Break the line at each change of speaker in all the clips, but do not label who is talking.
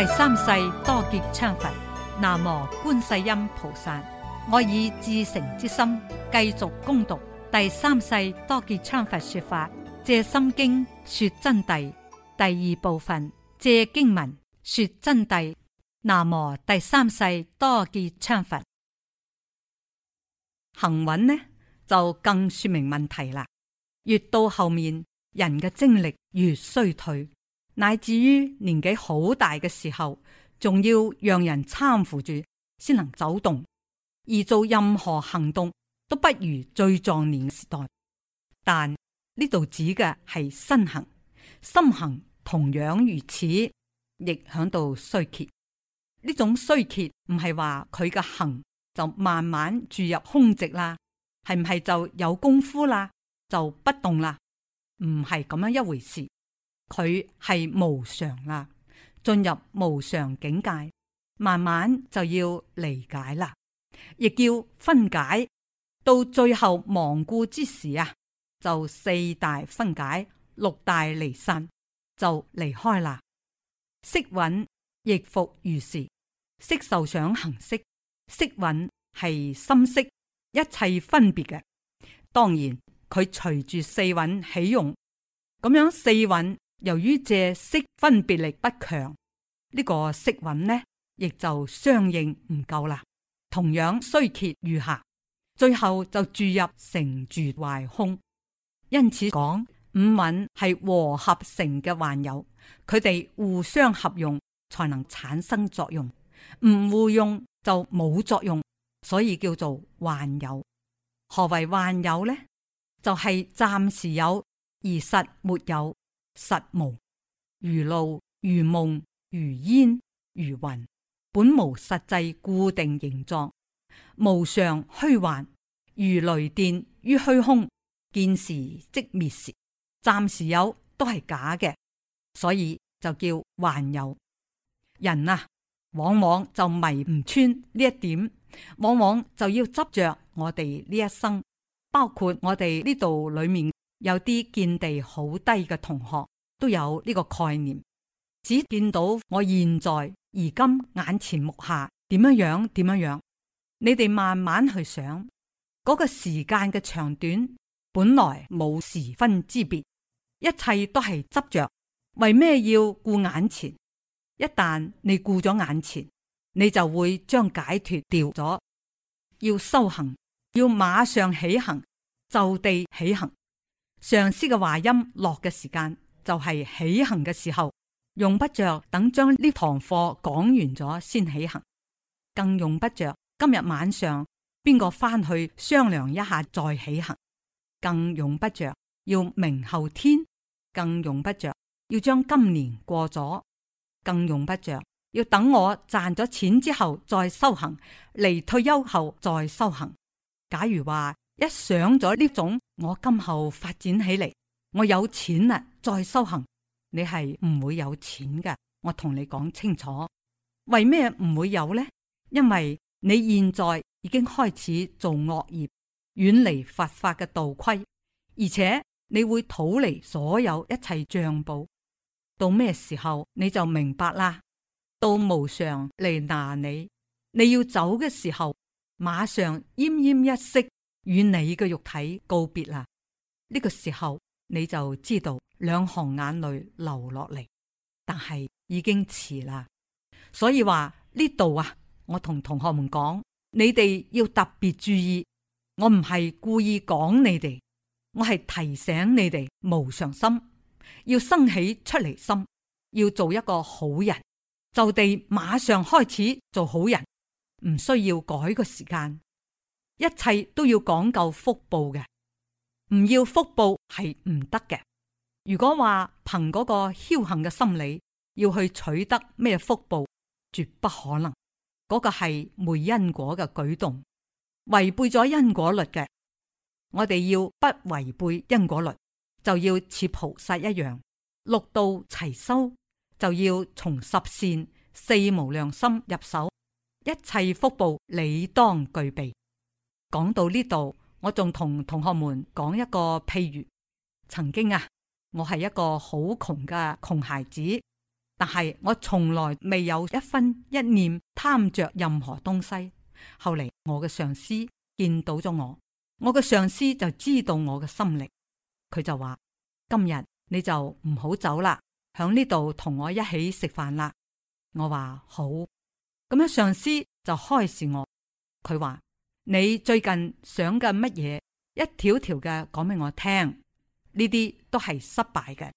第三世多杰羌佛，南無觀世音菩薩。我以至誠之心繼續攻讀第三世多杰羌佛說法，借心經說真諦第二部分，借經文說真諦。南無第三世多杰羌佛行穩呢，就更說明問題啦。越到後面，人嘅精力越衰退。乃至於年紀好大嘅時候，仲要讓人攙扶住先能走動，而做任何行動都不如最壯年時代。但呢度指嘅係身行，心行同樣如此，亦喺度衰竭。呢種衰竭唔係話佢嘅行就慢慢注入空寂啦，係唔係就有功夫啦，就不動啦？唔係咁樣一回事。佢係無常啦，進入無常境界，慢慢就要離解啦，亦叫分解，到最後亡故之時啊，就四大分解，六大離散，就離開啦。色蘊亦復如是，色受想行識，色蘊係心識，一切分別嘅，當然佢隨住四蘊起用，咁樣四蘊。由於借色分別力不強，呢、這個色蘊呢，亦就相應唔夠啦。同樣衰竭愈下，最後就注入成住壞空。因此講五蘊係和合成嘅幻有，佢哋互相合用才能產生作用，唔互用就冇作用，所以叫做幻有。何為幻有呢？就係、是、暫時有而實沒有。實無，如露如夢如煙如雲，本無實際固定形狀，無常虛幻，如雷電於虛空，見時即滅時，暫時有都係假嘅，所以就叫幻有。人啊，往往就迷唔穿呢一點，往往就要執着我哋呢一生，包括我哋呢度裏面有啲見地好低嘅同學，都有呢個概念，只見到我現在、而今、眼前、目下點樣樣，點樣樣。你哋慢慢去想，嗰個時間嘅長短本來冇時分之別，一切都係執着。為咩要顧眼前？一旦你顧咗眼前，你就會將解脫掉咗。要修行，要馬上起行，就地起行。上司嘅話音落嘅時間。就係起行嘅時候，用不着等將呢堂課講完咗先起行，更用不着今日晚上邊個返去商量一下再起行，更用不着要明後天，更用不着要將今年過咗，更用不着要等我賺咗錢之後再修行，嚟退休後再修行。假如話一想咗呢種，我今後發展起嚟，我有錢啦。再修行，你係唔會有錢嘅。我同你講清楚，為咩唔會有呢？因為你現在已經開始做惡業，遠離佛法嘅道規，而且你會逃離所有一切賬簿。到咩時候你就明白啦？到無常嚟拿你，你要走嘅時候，馬上奄奄一息，與你嘅肉體告別啦。呢個時候你就知道。兩行眼淚流落嚟，但係已經遲啦。所以話呢度啊，我同同學們講，你哋要特別注意。我唔係故意講你哋，我係提醒你哋無常心，要生起出離心，要做一個好人，就地馬上開始做好人，唔需要改個時間，一切都要講究福報嘅，唔要福報係唔得嘅。如果話憑嗰個僥幸嘅心理要去取得咩福報，絕不可能。嗰、那個係昧因果嘅舉動，違背咗因果律嘅。我哋要不違背因果律，就要似菩薩一樣六度齊修，就要從十善、四無量心入手，一切福報理當具備。講到呢度，我仲同同學們講一個譬如，曾經啊。我係一個好窮嘅窮孩子，但係我從來未有一分一念貪着任何東西。後嚟，我嘅上司見到咗我，我嘅上司就知道我嘅心力，佢就話：今日你就唔好走啦，響呢度同我一起食飯啦。我話好，咁樣上司就開示我，佢話：你最近想嘅乜嘢，一條條嘅講俾我聽。呢啲都係失敗嘅，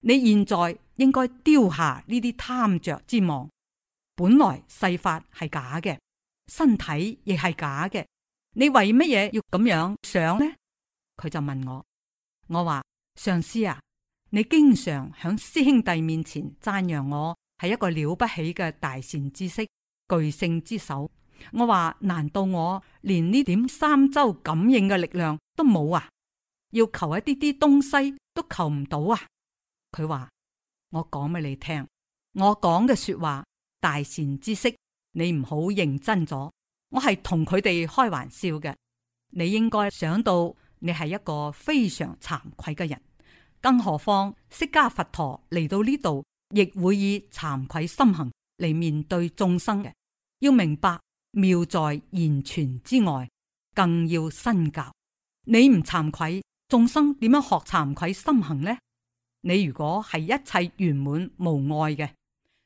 你現在應該丟下呢啲貪着之望。本來世法係假嘅，身體亦係假嘅，你為乜嘢要咁樣想呢？佢就問我，我話上師啊，你經常響師兄弟面前讚揚我係一個了不起嘅大善知識、巨聖之手。我話難道我連呢點三周感應嘅力量都冇啊？要求一啲啲東西都求唔到啊！佢話：我講俾你聽，我講嘅說話大善知識，你唔好認真咗。我係同佢哋開玩笑嘅。你應該想到你係一個非常慚愧嘅人，更何況釋迦佛陀嚟到呢度，亦會以慚愧心行嚟面對眾生嘅。要明白妙在言傳之外，更要身教。你唔慚愧？眾生點樣學慚愧心行呢？你如果係一切圓滿無礙嘅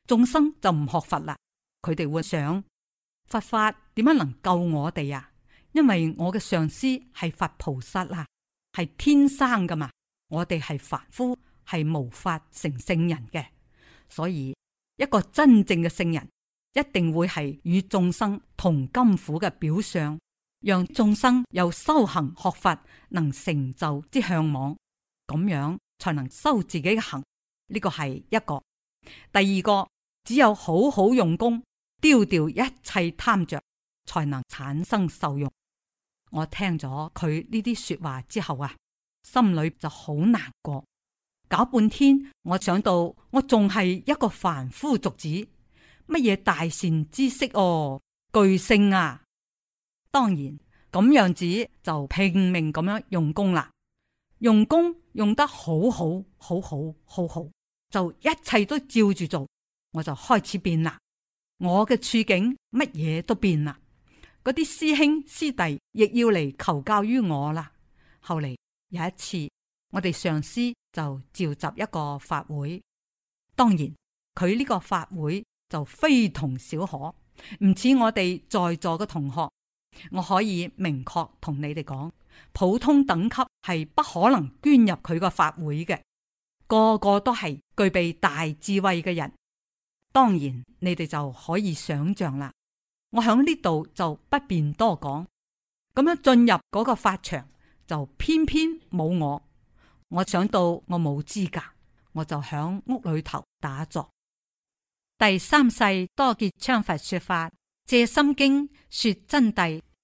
眾生，就唔學佛啦。佢哋會想，佛法點樣能救我哋啊？因為我嘅上司係佛菩薩啦，係天生噶嘛。我哋係凡夫，係無法成聖人嘅。所以一個真正嘅聖人，一定會係與眾生同甘苦嘅表相。讓眾生有修行學法能成就之向往，咁樣才能修自己嘅行。呢、這個係一個。第二個，只有好好用功，丟掉一切貪着，才能產生受用。我聽咗佢呢啲說話之後啊，心裏就好難過。搞半天，我想到我仲係一個凡夫俗子，乜嘢大善知識哦，巨聖啊！當然咁樣子就拼命咁樣用功啦，用功用得好好好好好好，就一切都照住做，我就開始變啦。我嘅處境乜嘢都變啦，嗰啲師兄師弟亦要嚟求教於我啦。後來有一次，我哋上司就召集一個法會，當然佢呢個法會就非同小可，唔似我哋在座嘅同學。我可以明確同你哋講，普通等級係不可能捐入佢個法會嘅，個個都係具備大智慧嘅人。當然，你哋就可以想象啦。我響呢度就不便多講。咁樣進入嗰個法場，就偏偏冇我。我想到我冇資格，我就響屋裏頭打坐。第三世多杰羌佛說法，借心經說真諦。